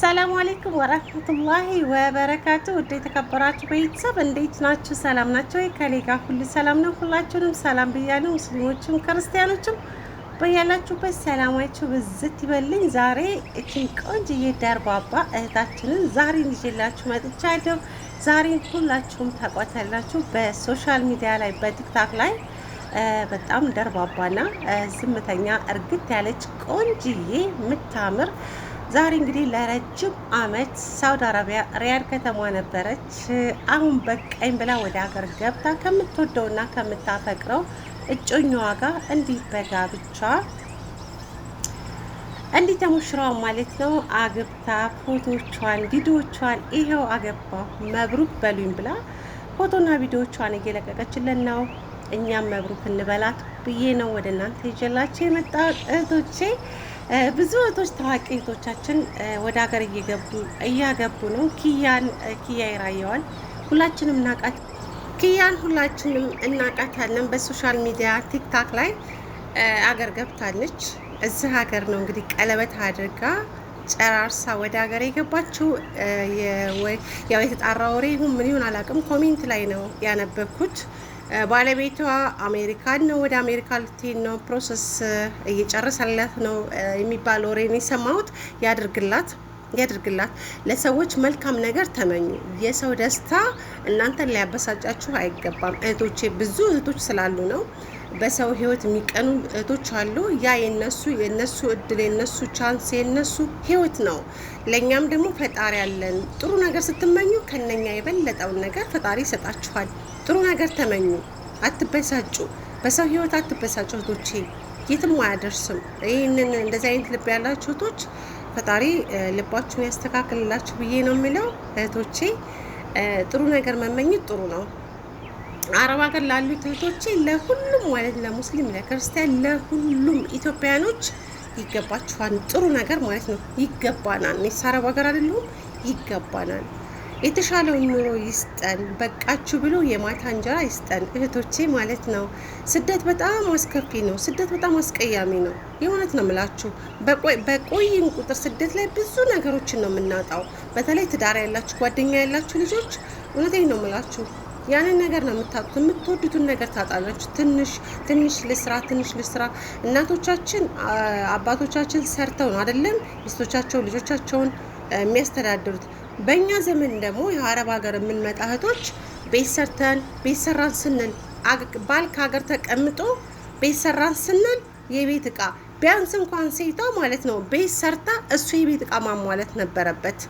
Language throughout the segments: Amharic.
ሰላሙ አለይኩም ወራህመቱላሂ ወበረካቱ። ውድ የተከበራችሁ ቤተሰብ እንዴት ናችሁ? ሰላም ናቸው? ከኔ ጋር ሁሉ ሰላም ነው። ሁላችሁንም ሰላም ብያለሁ። ሙስሊሞችም ክርስቲያኖችም በያላችሁበት ሰላማችሁ ብዝት ይበልኝ። ዛሬ እችን ቆንጅዬ ደርባባ እህታችንን ዛሬ ይዤላችሁ መጥቻለሁ። ዛሬ ሁላችሁም ታውቋታላችሁ። በሶሻል ሚዲያ ላይ በቲክታክ ላይ በጣም ደርባባና ዝምተኛ እርግት ያለች ቆንጅዬ የምታምር ዛሬ እንግዲህ ለረጅም አመት ሳውዲ አረቢያ ሪያድ ከተማ ነበረች። አሁን በቃኝ ብላ ወደ ሀገር ገብታ ከምትወደውና ከምታፈቅረው እጮኛዋ ጋር እንዲህ በጋብቻ እንዲህ ተሞሽረዋ ማለት ነው። አግብታ ፎቶቿን ቪዲዮቿን ይሄው አገባ መብሩክ በሉኝ ብላ ፎቶና ቪዲዮቿን እየለቀቀችልን ነው። እኛም መብሩክ እንበላት ብዬ ነው ወደ እናንተ ይዤላችሁ የመጣ እህቶቼ ብዙ እህቶች ታዋቂ እህቶቻችን ወደ ሀገር እየገቡ እያገቡ ነው። ኪያን ኪያ ይራየዋል ሁላችንም እናቃት ኪያን ሁላችንም እናቃታለን። በሶሻል ሚዲያ ቲክታክ ላይ አገር ገብታለች። እዚህ ሀገር ነው እንግዲህ ቀለበት አድርጋ ጨራርሳ ወደ ሀገር የገባችው። ያው የተጣራ ወሬ ይሁን ምን ይሁን አላውቅም፣ ኮሜንት ላይ ነው ያነበብኩት። ባለቤቷ አሜሪካን ነው፣ ወደ አሜሪካ ልትሄድ ነው፣ ፕሮሰስ እየጨረሰላት ነው የሚባል ወሬን የሰማሁት። ያድርግላት ያድርግላት። ለሰዎች መልካም ነገር ተመኙ። የሰው ደስታ እናንተን ሊያበሳጫችሁ አይገባም። እህቶቼ ብዙ እህቶች ስላሉ ነው በሰው ህይወት የሚቀኑ እህቶች አሉ። ያ የነሱ የነሱ እድል የነሱ ቻንስ የነሱ ህይወት ነው። ለእኛም ደግሞ ፈጣሪ አለን። ጥሩ ነገር ስትመኙ ከነኛ የበለጠውን ነገር ፈጣሪ ይሰጣችኋል። ጥሩ ነገር ተመኙ፣ አትበሳጩ። በሰው ህይወት አትበሳጩ እህቶቼ፣ የትም አያደርስም። ይህንን እንደዚህ አይነት ልብ ያላችሁ እህቶች ፈጣሪ ልባችሁን ያስተካክልላችሁ ብዬ ነው የሚለው እህቶቼ። ጥሩ ነገር መመኘት ጥሩ ነው። አረብ ሀገር ላሉት እህቶቼ ለሁሉም ማለት ለሙስሊም፣ ለክርስቲያን፣ ለሁሉም ኢትዮጵያኖች ይገባችኋል፣ ጥሩ ነገር ማለት ነው። ይገባናል። እኔ ሳረብ ሀገር አይደለሁም። ይገባናል። የተሻለውን ኑሮ ይስጠን፣ በቃችሁ ብሎ የማታ እንጀራ ይስጠን እህቶቼ ማለት ነው። ስደት በጣም አስከፊ ነው። ስደት በጣም አስቀያሚ ነው። የእውነት ነው የምላችሁ። በቆይን ቁጥር ስደት ላይ ብዙ ነገሮችን ነው የምናጣው። በተለይ ትዳር ያላችሁ ጓደኛ ያላችሁ ልጆች እውነቴን ነው የምላችሁ ያንን ነገር ነው የምታጡት። የምትወዱትን ነገር ታጣላችሁ። ትንሽ ትንሽ ልስራ፣ ትንሽ ልስራ። እናቶቻችን አባቶቻችን ሰርተው ነው አይደለም ሚስቶቻቸው ልጆቻቸውን የሚያስተዳድሩት። በእኛ ዘመን ደግሞ የአረብ ሀገር የምንመጣ እህቶች ቤት ሰርተን ቤት ሰራን ስንል ባል ከሀገር ተቀምጦ ቤት ሰራን ስንል የቤት እቃ ቢያንስ እንኳን ሴቷ ማለት ነው ቤት ሰርታ እሱ የቤት እቃ ማሟላት ነበረበት።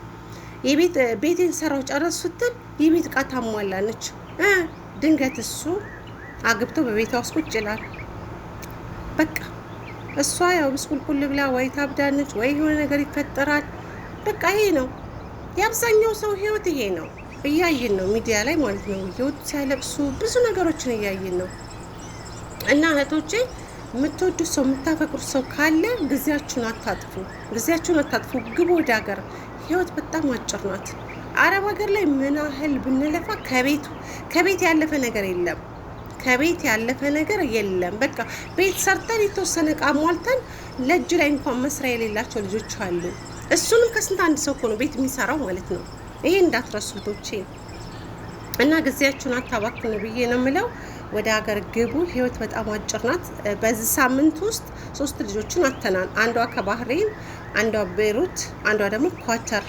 የቤት ቤቴን ሰራው ጨረስ ስትል የቤት እቃ ታሟላለች። ድንገት እሱ አግብቶ በቤቷ ውስጥ ቁጭ ይላል። በቃ እሷ ያው ብስቁልቁል ብላ ወይ ታብዳነች ወይ የሆነ ነገር ይፈጠራል። በቃ ይሄ ነው የአብዛኛው ሰው ህይወት፣ ይሄ ነው እያየን ነው ሚዲያ ላይ ማለት ነው። ህይወት ሲያለቅሱ ብዙ ነገሮችን እያየን ነው። እና እህቶቼ የምትወዱት ሰው የምታፈቅሩት ሰው ካለ ጊዜያችሁን አታጥፉ፣ ጊዜያችሁን አታጥፉ፣ ግቡ ወደ ሀገር። ህይወት በጣም አጭር ናት። አረብ ሀገር ላይ ምን ያህል ብንለፋ ከቤቱ ከቤት ያለፈ ነገር የለም። ከቤት ያለፈ ነገር የለም። በቃ ቤት ሰርተን የተወሰነ እቃ ሟልተን ለእጅ ላይ እንኳን መስሪያ የሌላቸው ልጆች አሉ። እሱንም ከስንት አንድ ሰው እኮ ነው ቤት የሚሰራው ማለት ነው። ይሄ እንዳትረሱቶቼ እና ጊዜያችሁን አታባክኑ ብዬ ነው የምለው። ወደ ሀገር ግቡ። ህይወት በጣም አጭር ናት። በዚህ ሳምንት ውስጥ ሶስት ልጆችን አተናል። አንዷ ከባህሬን፣ አንዷ ቤሩት፣ አንዷ ደግሞ ኳተር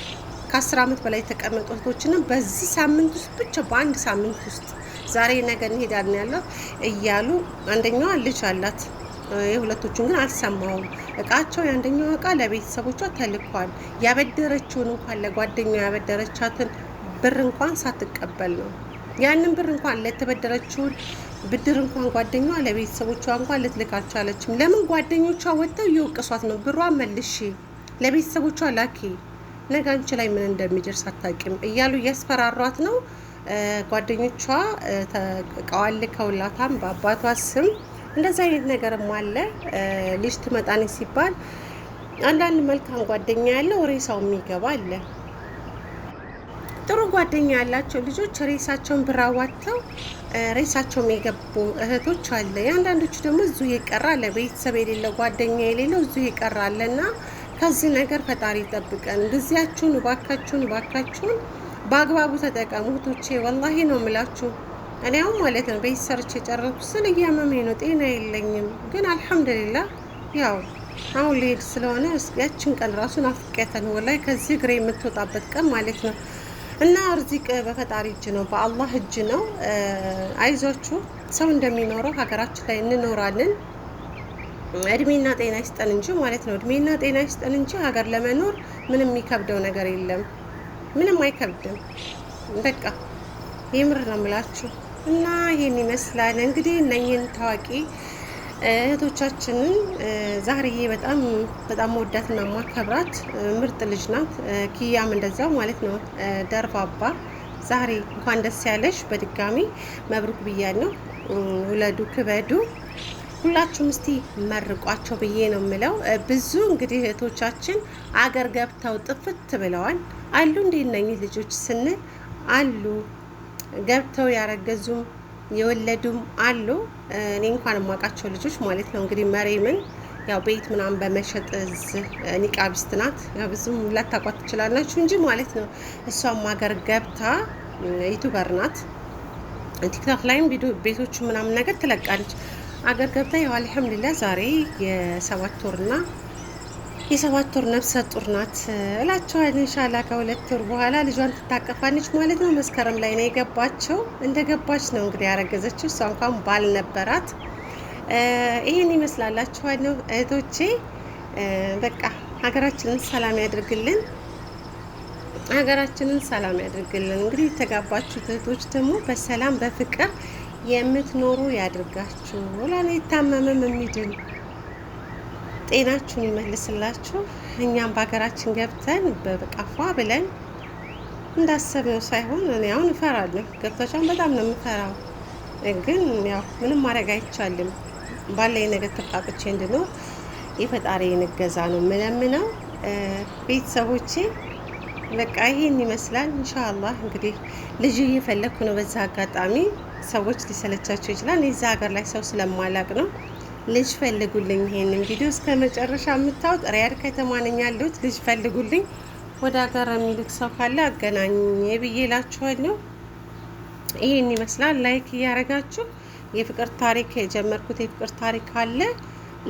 ከአስር ዓመት በላይ የተቀመጡ እህቶችንም በዚህ ሳምንት ውስጥ ብቻ በአንድ ሳምንት ውስጥ ዛሬ ነገ እንሄዳለን ያለው እያሉ አንደኛዋ ልጅ አላት። የሁለቶቹን ግን አልሰማውም። እቃቸው የአንደኛው እቃ ለቤተሰቦቿ ተልኳል። ያበደረችውን እንኳን ለጓደኛው ያበደረቻትን ብር እንኳን ሳትቀበል ነው። ያንን ብር እንኳን ለተበደረችውን ብድር እንኳን ጓደኛዋ ለቤተሰቦቿ እንኳን ልትልክ አልቻለችም። ለምን ጓደኞቿ ወጥተው እየወቀሷት ነው። ብሯ መልሺ፣ ለቤተሰቦቿ ላኪ ነገ አንቺ ላይ ምን እንደሚደርስ አታውቂም እያሉ እያስፈራሯት ነው። ጓደኞቿ እቃዋን በአባቷ ስም እንደዚህ አይነት ነገርም አለ። ልጅ ትመጣኔ ሲባል አንዳንድ መልካም ጓደኛ ያለው ሬሳው የሚገባ አለ። ጥሩ ጓደኛ ያላቸው ልጆች ሬሳቸውን ብራዋተው ሬሳቸውም የገቡ እህቶች አለ። የአንዳንዶቹ ደግሞ እዙ የቀራ አለ። ቤተሰብ የሌለው ጓደኛ የሌለው እዙ የቀራ አለ እና ከዚህ ነገር ፈጣሪ ይጠብቀን። ጊዜያችሁን ባካችሁን ባካችሁን በአግባቡ ተጠቀሙ እህቶቼ፣ ወላሂ ነው የምላችሁ። እኔ አሁን ማለት ነው ቤት ሰርቼ የጨረስኩ ስል እያመመኝ ነው፣ ጤና የለኝም። ግን አልሐምዱሊላህ ያው አሁን ልሄድ ስለሆነ ያችን ቀን ራሱ ናፍቄያታለሁ። ወላሂ ከዚህ እግሬ የምትወጣበት ቀን ማለት ነው። እና እርዚቅ በፈጣሪ እጅ ነው፣ በአላህ እጅ ነው። አይዟችሁ፣ ሰው እንደሚኖረው ሀገራችን ላይ እንኖራለን። እድሜና ጤና ይስጠን እንጂ ማለት ነው። እድሜና ጤና ይስጠን እንጂ ሀገር ለመኖር ምንም የሚከብደው ነገር የለም። ምንም አይከብድም። በቃ የምር ነው የምላችሁ እና ይህን ይመስላል እንግዲህ እነኝህን ታዋቂ እህቶቻችንን ዛርዬ በጣም በጣም መወዳትና ማከብራት ምርጥ ልጅ ናት። ኪያም እንደዛው ማለት ነው። ደርባባ ዛሬ እንኳን ደስ ያለሽ። በድጋሚ መብሩክ ብያለሁ። ውለዱ፣ ክበዱ። ሁላችሁም እስቲ መርቋቸው ብዬ ነው የምለው። ብዙ እንግዲህ እህቶቻችን አገር ገብተው ጥፍት ብለዋል አሉ እንዴ ነኝ ልጆች ስንል አሉ ገብተው ያረገዙም የወለዱም አሉ። እኔ እንኳን የማውቃቸው ልጆች ማለት ነው። እንግዲህ መሬምን ያው ቤት ምናምን በመሸጥ እዚህ ኒቃቢስት ናት። ያው ብዙም ላታቋት ትችላላችሁ እንጂ ማለት ነው። እሷም ሀገር ገብታ ዩቱበር ናት። ቲክቶክ ላይም ቤቶቹ ምናምን ነገር ትለቃለች። አገር ገብታ ያው አልሐምዱሊላ ዛሬ የሰባት ወርና የሰባት ወር ነፍሰ ጡር ናት እላቸዋል። እንሻላ ከሁለት ወር በኋላ ልጇን ትታቀፋለች ማለት ነው። መስከረም ላይ ነው የገባቸው። እንደገባች ነው እንግዲህ ያረገዘችው። እሷ እንኳን ባል ነበራት። ይህን ይመስላላችኋል ነው እህቶቼ። በቃ ሀገራችንን ሰላም ያድርግልን፣ ሀገራችንን ሰላም ያድርግልን። እንግዲህ የተጋባችሁ እህቶች ደግሞ በሰላም በፍቅር የምትኖሩ ያድርጋችሁ። ወላላ ይታመምም የሚድን ጤናችሁን ይመልስላችሁ። እኛም በሀገራችን ገብተን በቃፏ ብለን እንዳሰብነው ሳይሆን እኔ አሁን እፈራለሁ። ገብቶቻን በጣም ነው የምፈራው። ግን ያው ምንም ማድረግ አይቻልም። ባለኝ ነገር ተጣጥቼ እንድኖር የፈጣሪ እገዛ ነው ምለምነው ቤተሰቦቼ በቃ ይሄን ይመስላል። ኢንሻአላህ እንግዲህ ልጅ እየፈለግኩ ነው። በዛ አጋጣሚ ሰዎች ሊሰለቻቸው ይችላል። የዛ ሀገር ላይ ሰው ስለማላቅ ነው። ልጅ ፈልጉልኝ። ይሄንን ቪዲዮ እስከ መጨረሻ የምታዩት ሪያድ ከተማ ነኝ ያለሁት። ልጅ ፈልጉልኝ። ወደ ሀገር የሚልክ ሰው ካለ አገናኝ ብዬ እላችኋለሁ። ይሄን ይመስላል። ላይክ እያረጋችሁ የፍቅር ታሪክ የጀመርኩት የፍቅር ታሪክ አለ።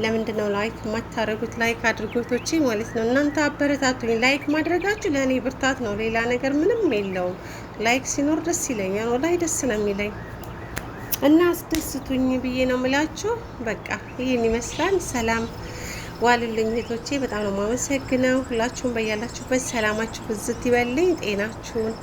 ለምንድን ነው ላይክ የማታደርጉት? ላይክ አድርጎቶች ማለት ነው። እናንተ አበረታቱኝ። ላይክ ማድረጋችሁ ለእኔ ብርታት ነው። ሌላ ነገር ምንም የለውም። ላይክ ሲኖር ደስ ይለኛል። ወላሂ ደስ ነው የሚለኝ እና አስደስቱኝ ብዬ ነው የምላችሁ። በቃ ይህን ይመስላል። ሰላም ዋልልኝ እህቶቼ። በጣም ነው የማመሰግነው። ሁላችሁም በያላችሁበት ሰላማችሁ ብዝት ይበልኝ። ጤናችሁን